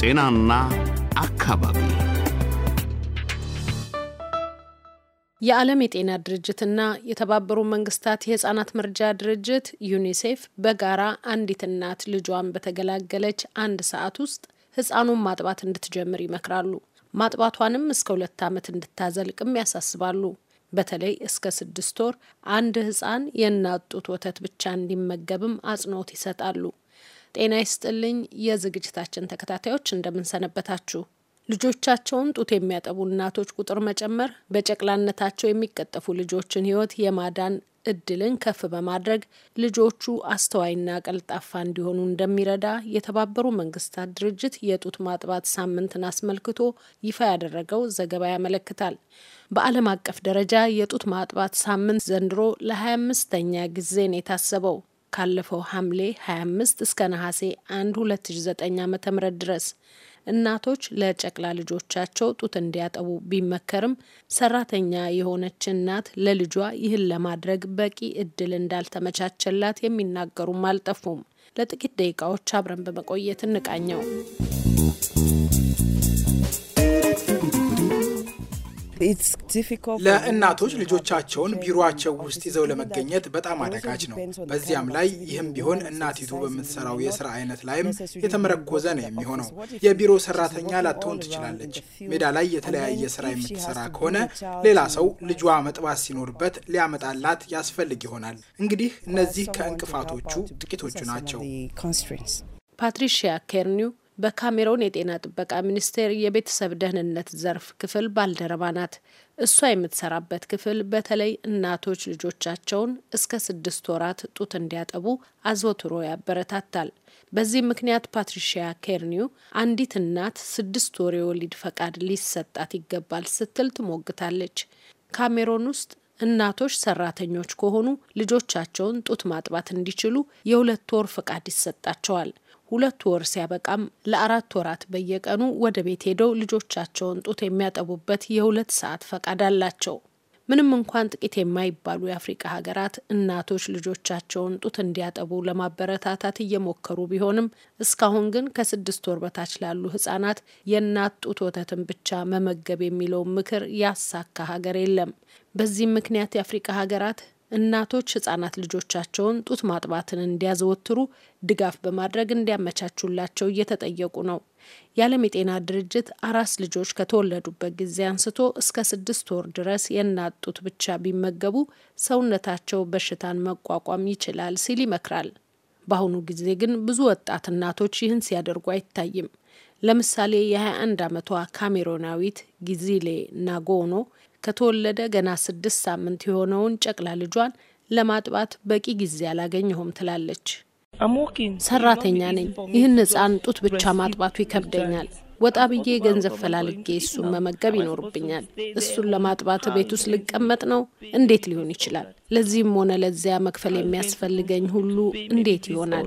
ጤናና አካባቢ የዓለም የጤና ድርጅትና የተባበሩ መንግስታት የህጻናት መርጃ ድርጅት ዩኒሴፍ በጋራ አንዲት እናት ልጇን በተገላገለች አንድ ሰዓት ውስጥ ህፃኑን ማጥባት እንድትጀምር ይመክራሉ። ማጥባቷንም እስከ ሁለት ዓመት እንድታዘልቅም ያሳስባሉ። በተለይ እስከ ስድስት ወር አንድ ህጻን የናጡት ወተት ብቻ እንዲመገብም አጽንኦት ይሰጣሉ። ጤና ይስጥልኝ የዝግጅታችን ተከታታዮች እንደምንሰነበታችሁ። ልጆቻቸውን ጡት የሚያጠቡ እናቶች ቁጥር መጨመር በጨቅላነታቸው የሚቀጠፉ ልጆችን ሕይወት የማዳን እድልን ከፍ በማድረግ ልጆቹ አስተዋይና ቀልጣፋ እንዲሆኑ እንደሚረዳ የተባበሩ መንግስታት ድርጅት የጡት ማጥባት ሳምንትን አስመልክቶ ይፋ ያደረገው ዘገባ ያመለክታል። በዓለም አቀፍ ደረጃ የጡት ማጥባት ሳምንት ዘንድሮ ለ25ኛ ጊዜ ነው የታሰበው ካለፈው ሐምሌ 25 እስከ ነሐሴ 1 2009 ዓ.ም ድረስ እናቶች ለጨቅላ ልጆቻቸው ጡት እንዲያጠቡ ቢመከርም ሰራተኛ የሆነች እናት ለልጇ ይህን ለማድረግ በቂ እድል እንዳልተመቻቸላት የሚናገሩም አልጠፉም። ለጥቂት ደቂቃዎች አብረን በመቆየት እንቃኘው። It's ለእናቶች ልጆቻቸውን ቢሮቸው ውስጥ ይዘው ለመገኘት በጣም አደጋች ነው። በዚያም ላይ ይህም ቢሆን እናቲቱ በምትሰራው የስራ አይነት ላይም የተመረኮዘ ነው የሚሆነው። የቢሮ ሰራተኛ ላትሆን ትችላለች። ሜዳ ላይ የተለያየ ስራ የምትሰራ ከሆነ ሌላ ሰው ልጇ መጥባት ሲኖርበት ሊያመጣላት ያስፈልግ ይሆናል። እንግዲህ እነዚህ ከእንቅፋቶቹ ጥቂቶቹ ናቸው። ፓትሪሺያ ኬርኒው በካሜሮን የጤና ጥበቃ ሚኒስቴር የቤተሰብ ደህንነት ዘርፍ ክፍል ባልደረባ ናት። እሷ የምትሰራበት ክፍል በተለይ እናቶች ልጆቻቸውን እስከ ስድስት ወራት ጡት እንዲያጠቡ አዘውትሮ ያበረታታል። በዚህ ምክንያት ፓትሪሺያ ኬርኒው አንዲት እናት ስድስት ወር የወሊድ ፈቃድ ሊሰጣት ይገባል ስትል ትሞግታለች። ካሜሮን ውስጥ እናቶች ሰራተኞች ከሆኑ ልጆቻቸውን ጡት ማጥባት እንዲችሉ የሁለት ወር ፈቃድ ይሰጣቸዋል። ሁለቱ ወር ሲያበቃም ለአራት ወራት በየቀኑ ወደ ቤት ሄደው ልጆቻቸውን ጡት የሚያጠቡበት የሁለት ሰዓት ፈቃድ አላቸው። ምንም እንኳን ጥቂት የማይባሉ የአፍሪቃ ሀገራት እናቶች ልጆቻቸውን ጡት እንዲያጠቡ ለማበረታታት እየሞከሩ ቢሆንም እስካሁን ግን ከስድስት ወር በታች ላሉ ህጻናት የእናት ጡት ወተትን ብቻ መመገብ የሚለውን ምክር ያሳካ ሀገር የለም። በዚህም ምክንያት የአፍሪቃ ሀገራት እናቶች ህጻናት ልጆቻቸውን ጡት ማጥባትን እንዲያዘወትሩ ድጋፍ በማድረግ እንዲያመቻቹላቸው እየተጠየቁ ነው። የዓለም የጤና ድርጅት አራስ ልጆች ከተወለዱበት ጊዜ አንስቶ እስከ ስድስት ወር ድረስ የእናት ጡት ብቻ ቢመገቡ ሰውነታቸው በሽታን መቋቋም ይችላል ሲል ይመክራል። በአሁኑ ጊዜ ግን ብዙ ወጣት እናቶች ይህን ሲያደርጉ አይታይም። ለምሳሌ የ21 ዓመቷ ካሜሮናዊት ጊዚሌ ናጎኖ ከተወለደ ገና ስድስት ሳምንት የሆነውን ጨቅላ ልጇን ለማጥባት በቂ ጊዜ አላገኘሁም ትላለች። ሰራተኛ ነኝ። ይህን ህፃን ጡት ብቻ ማጥባቱ ይከብደኛል። ወጣ ብዬ ገንዘብ ፈላልጌ እሱን መመገብ ይኖርብኛል። እሱን ለማጥባት ቤት ውስጥ ልቀመጥ ነው? እንዴት ሊሆን ይችላል? ለዚህም ሆነ ለዚያ መክፈል የሚያስፈልገኝ ሁሉ እንዴት ይሆናል?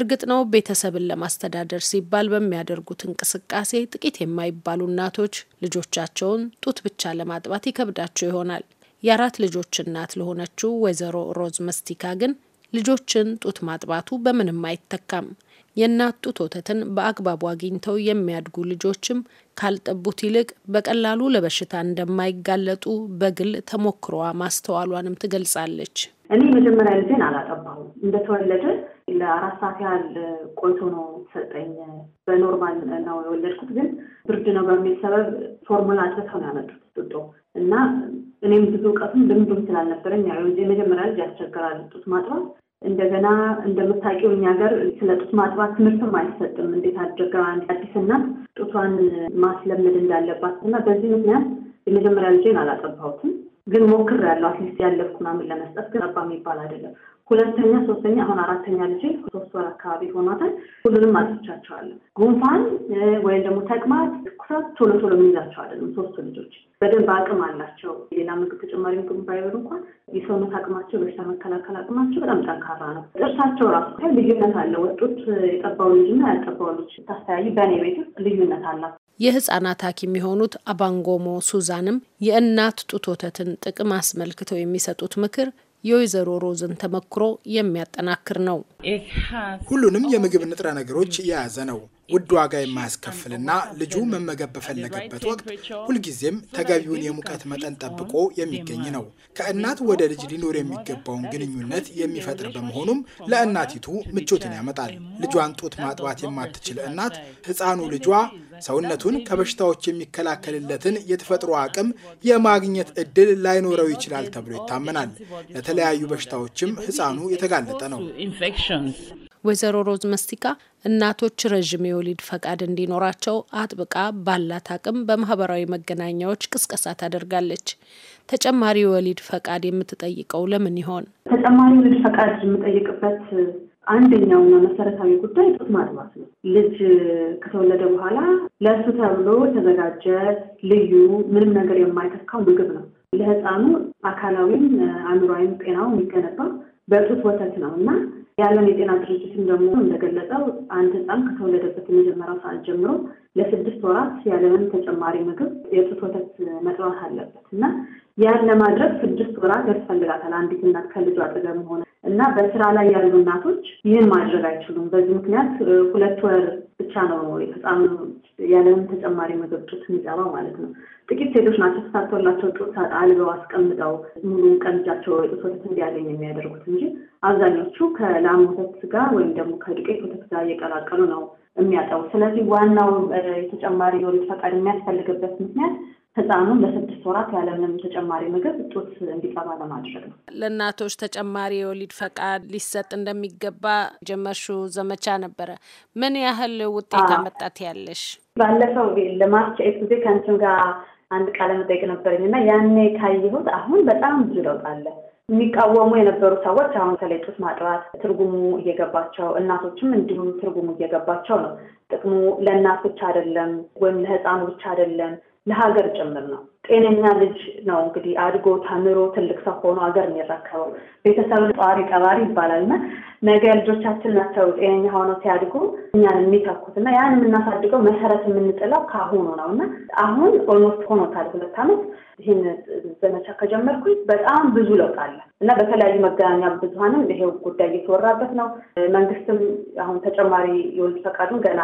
እርግጥ ነው ቤተሰብን ለማስተዳደር ሲባል በሚያደርጉት እንቅስቃሴ ጥቂት የማይባሉ እናቶች ልጆቻቸውን ጡት ብቻ ለማጥባት ይከብዳቸው ይሆናል። የአራት ልጆች እናት ለሆነችው ወይዘሮ ሮዝ መስቲካ ግን ልጆችን ጡት ማጥባቱ በምንም አይተካም። የእናት ጡት ወተትን በአግባቡ አግኝተው የሚያድጉ ልጆችም ካልጠቡት ይልቅ በቀላሉ ለበሽታ እንደማይጋለጡ በግል ተሞክሯ ማስተዋሏንም ትገልጻለች። እኔ መጀመሪያ ልጄን አላጠባሁም። እንደተወለደ ለአራት ሰዓት ያህል ቆይቶ ነው ሰጠኝ። በኖርማል ነው የወለድኩት፣ ግን ብርድ ነው በሚል ሰበብ ፎርሙላ አጥተው ነው ያመጡት ጡጦ እና እኔም ብዙ እውቀቱም ልምዱም ስላልነበረኝ የመጀመሪያ ልጅ ያስቸግራል ጡት ማጥባት እንደገና እንደምታውቂው እኛ ሀገር ስለ ጡት ማጥባት ትምህርትም አይሰጥም። እንዴት አድርጋ አዲስ እናት ጡቷን ማስለመድ እንዳለባት እና በዚህ ምክንያት የመጀመሪያ ልጄን አላጠባሁትም፣ ግን ሞክር ያለው አትሊስት ያለፍኩ ምናምን ለመስጠት ግን አባ የሚባል አይደለም። ሁለተኛ፣ ሶስተኛ፣ አሁን አራተኛ ልጄ ሶስት ወር አካባቢ ሆኗታል። ሁሉንም አጥፍቻቸዋለሁ። ጉንፋን ወይም ደግሞ ተቅማጥ፣ ትኩሳት ቶሎ ቶሎ ምንይዛቸው አይደለም። ሶስቱ ልጆች በደንብ አቅም አላቸው። ሌላ ምግብ ተጨማሪ ምግብ ባይበሉ እንኳን የሰውነት አቅማቸው በሽታ መከላከል አቅማቸው በጣም ጠንካራ ነው። ጥርሳቸው ራሱ ልዩነት አለ። ወጡት የጠባው ልጅና ያልጠባው ልጅ ታስተያዩ በእኔ ቤት ውስጥ ልዩነት አላት። የህጻናት ሐኪም የሆኑት አባንጎሞ ሱዛንም የእናት ጡት ወተትን ጥቅም አስመልክተው የሚሰጡት ምክር የወይዘሮ ሮዝን ተመክሮ የሚያጠናክር ነው። ሁሉንም የምግብ ንጥረ ነገሮች የያዘ ነው። ውድ ዋጋ የማያስከፍልና ልጁ መመገብ በፈለገበት ወቅት ሁልጊዜም ተገቢውን የሙቀት መጠን ጠብቆ የሚገኝ ነው። ከእናት ወደ ልጅ ሊኖር የሚገባውን ግንኙነት የሚፈጥር በመሆኑም ለእናቲቱ ምቾትን ያመጣል። ልጇን ጡት ማጥባት የማትችል እናት ሕፃኑ ልጇ ሰውነቱን ከበሽታዎች የሚከላከልለትን የተፈጥሮ አቅም የማግኘት እድል ላይኖረው ይችላል ተብሎ ይታመናል። ለተለያዩ በሽታዎችም ሕፃኑ የተጋለጠ ነው። ወይዘሮ ሮዝ መስቲካ እናቶች ረዥም የወሊድ ፈቃድ እንዲኖራቸው አጥብቃ ባላት አቅም በማህበራዊ መገናኛዎች ቅስቀሳ ታደርጋለች። ተጨማሪ የወሊድ ፈቃድ የምትጠይቀው ለምን ይሆን? ተጨማሪ ወሊድ ፈቃድ የምጠይቅበት አንደኛውና መሰረታዊ ጉዳይ ጡት ማጥባት ነው። ልጅ ከተወለደ በኋላ ለእሱ ተብሎ የተዘጋጀ ልዩ ምንም ነገር የማይተካው ምግብ ነው። ለህፃኑ አካላዊም አእምሯዊም ጤናው የሚገነባው በጡት ወተት ነው እና የዓለም የጤና ድርጅትም ደግሞ እንደገለጸው አንድ ህፃን ከተወለደበት የመጀመሪያው ሰዓት ጀምሮ ለስድስት ወራት ያለምንም ተጨማሪ ምግብ የጡት ወተት መጥባት አለበት እና ያን ለማድረግ ስድስት ወራት ያስፈልጋታል። አንዲት እናት ከልጇ አጠገብ ሆነ እና በስራ ላይ ያሉ እናቶች ይህን ማድረግ አይችሉም። በዚህ ምክንያት ሁለት ወር ብቻ ነው የህፃኑ ያለምን ተጨማሪ ምግብ ጡት የሚጠባው ማለት ነው። ጥቂት ሴቶች ናቸው ተሳቶላቸው ጡት አልበው አስቀምጠው ሙሉን ቀን ልጃቸው የጡት ወተት እንዲያገኝ የሚያደርጉት እንጂ አብዛኞቹ ከላም ወተት ጋር ወይም ደግሞ ከዱቄት ወተት ጋር እየቀላቀሉ ነው የሚያጠቡ። ስለዚህ ዋናው የተጨማሪ የወሊድ ፈቃድ የሚያስፈልግበት ምክንያት ህፃኑን ለስድስት ወራት ያለምንም ተጨማሪ ምግብ ጡት እንዲጠባ ለማድረግ ነው። ለእናቶች ተጨማሪ የወሊድ ፈቃድ ሊሰጥ እንደሚገባ ጀመርሽው ዘመቻ ነበረ። ምን ያህል ውጤት አመጣት ያለሽ? ባለፈው ለማርች ኤፍ ጊዜ ከአንቺም ጋር አንድ ቃለ መጠይቅ ነበረኝ እና ያኔ ካየሁት አሁን በጣም ብዙ ለውጥ አለ። የሚቃወሙ የነበሩ ሰዎች አሁን ከላይ ጡት ማጥባት ትርጉሙ እየገባቸው እናቶችም እንዲሁም ትርጉሙ እየገባቸው ነው። ጥቅሙ ለእናት ብቻ አይደለም ወይም ለህፃኑ ብቻ አይደለም ለሀገር ጭምር ነው። ጤነኛ ልጅ ነው እንግዲህ አድጎ ተምሮ ትልቅ ሰው ሆኖ ሀገር የሚረከበው። ቤተሰብን ጠዋሪ ቀባሪ ይባላል እና ነገ ልጆቻችን ናቸው ጤነኛ ሆነው ሲያድጉ እኛን የሚተኩት እና ያን የምናሳድገው መሰረት የምንጥለው ከአሁኑ ነው እና አሁን ኦልሞስት ሆኖታል ሁለት ዓመት ይህን ዘመቻ ከጀመርኩኝ በጣም ብዙ ለውጥ አለ እና በተለያዩ መገናኛ ብዙሀንም ይሄው ጉዳይ እየተወራበት ነው። መንግስትም አሁን ተጨማሪ የወልድ ፈቃዱን ገና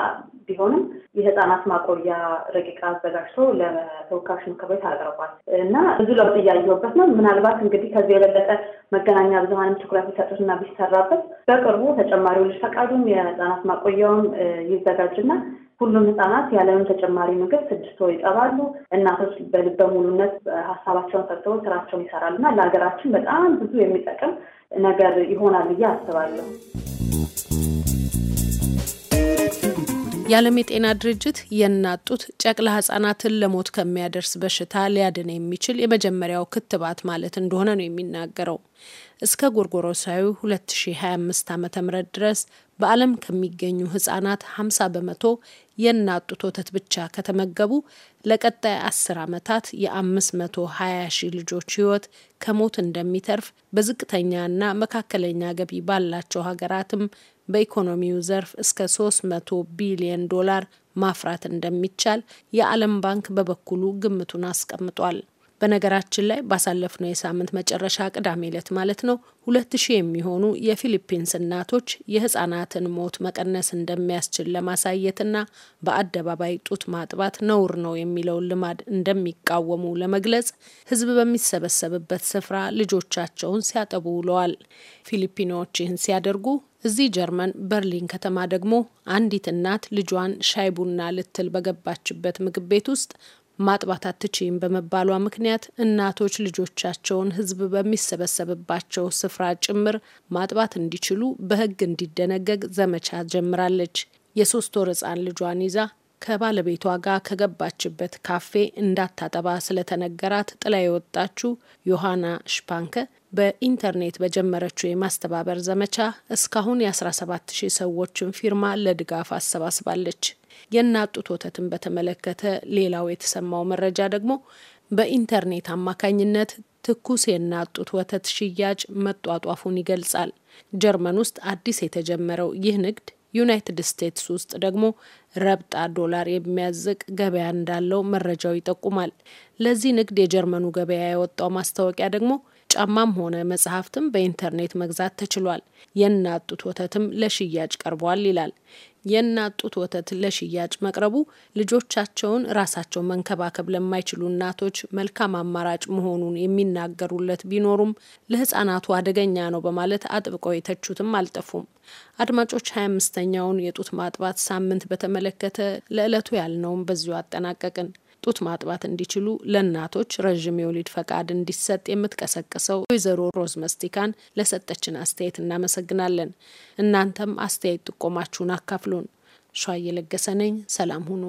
ቢሆንም የህፃናት ማቆያ ረቂቃ አዘጋጅቶ ለተወካዮች ምክር ቤት አቅርቧል እና ብዙ ለውጥ እያየሁበት ነው። ምናልባት እንግዲህ ከዚህ የበለጠ መገናኛ ብዙኃንም ትኩረት ቢሰጡትና ቢሰራበት በቅርቡ ተጨማሪው ልጅ ፈቃዱም የህፃናት ማቆያውም ይዘጋጅና ሁሉም ህጻናት ያለምን ተጨማሪ ምግብ ስድስት ወር ይጠባሉ። እናቶች በልበ ሙሉነት ሀሳባቸውን ሰጥተው ስራቸውን ይሰራሉ እና ለሀገራችን በጣም ብዙ የሚጠቅም ነገር ይሆናል ብዬ አስባለሁ። የዓለም የጤና ድርጅት የናጡት ጨቅላ ህጻናትን ለሞት ከሚያደርስ በሽታ ሊያድን የሚችል የመጀመሪያው ክትባት ማለት እንደሆነ ነው የሚናገረው። እስከ ጎርጎሮሳዊ 2025 ዓ ም ድረስ በዓለም ከሚገኙ ህጻናት 50 በመቶ የናጡት ወተት ብቻ ከተመገቡ ለቀጣይ 10 ዓመታት የ520 ሺህ ልጆች ህይወት ከሞት እንደሚተርፍ በዝቅተኛና መካከለኛ ገቢ ባላቸው ሀገራትም በኢኮኖሚው ዘርፍ እስከ 300 ቢሊየን ዶላር ማፍራት እንደሚቻል የዓለም ባንክ በበኩሉ ግምቱን አስቀምጧል። በነገራችን ላይ ባሳለፍነው የሳምንት መጨረሻ ቅዳሜ ዕለት ማለት ነው ሁለት ሺህ የሚሆኑ የፊሊፒንስ እናቶች የህጻናትን ሞት መቀነስ እንደሚያስችል ለማሳየትና በአደባባይ ጡት ማጥባት ነውር ነው የሚለውን ልማድ እንደሚቃወሙ ለመግለጽ ህዝብ በሚሰበሰብበት ስፍራ ልጆቻቸውን ሲያጠቡ ውለዋል። ፊሊፒኖዎች ይህን ሲያደርጉ እዚህ ጀርመን በርሊን ከተማ ደግሞ አንዲት እናት ልጇን ሻይ ቡና ልትል በገባችበት ምግብ ቤት ውስጥ ማጥባት አትችይም በመባሏ ምክንያት እናቶች ልጆቻቸውን ሕዝብ በሚሰበሰብባቸው ስፍራ ጭምር ማጥባት እንዲችሉ በሕግ እንዲደነገግ ዘመቻ ጀምራለች። የሶስት ወር ሕፃን ልጇን ይዛ ከባለቤቷ ጋር ከገባችበት ካፌ እንዳታጠባ ስለተነገራት ጥላ የወጣችው ዮሐና ሽፓንከ በኢንተርኔት በጀመረችው የማስተባበር ዘመቻ እስካሁን የ17 ሺህ ሰዎችን ፊርማ ለድጋፍ አሰባስባለች። የእናት ጡት ወተትን በተመለከተ ሌላው የተሰማው መረጃ ደግሞ በኢንተርኔት አማካኝነት ትኩስ የእናት ጡት ወተት ሽያጭ መጧጧፉን ይገልጻል። ጀርመን ውስጥ አዲስ የተጀመረው ይህ ንግድ ዩናይትድ ስቴትስ ውስጥ ደግሞ ረብጣ ዶላር የሚያዝቅ ገበያ እንዳለው መረጃው ይጠቁማል። ለዚህ ንግድ የጀርመኑ ገበያ ያወጣው ማስታወቂያ ደግሞ ጫማም ሆነ መጽሐፍትም በኢንተርኔት መግዛት ተችሏል። የእናት ጡት ወተትም ለሽያጭ ቀርቧል ይላል። የእናት ጡት ወተት ለሽያጭ መቅረቡ ልጆቻቸውን ራሳቸው መንከባከብ ለማይችሉ እናቶች መልካም አማራጭ መሆኑን የሚናገሩለት ቢኖሩም ለሕጻናቱ አደገኛ ነው በማለት አጥብቀው የተቹትም አልጠፉም። አድማጮች፣ ሀያ አምስተኛውን የጡት ማጥባት ሳምንት በተመለከተ ለዕለቱ ያልነውም በዚሁ አጠናቀቅን። ጡት ማጥባት እንዲችሉ ለእናቶች ረዥም የወሊድ ፈቃድ እንዲሰጥ የምትቀሰቅሰው ወይዘሮ ሮዝ መስቲካን ለሰጠችን አስተያየት እናመሰግናለን። እናንተም አስተያየት ጥቆማችሁን አካፍሉን። ሸ የለገሰ ነኝ። ሰላም ሁኑ።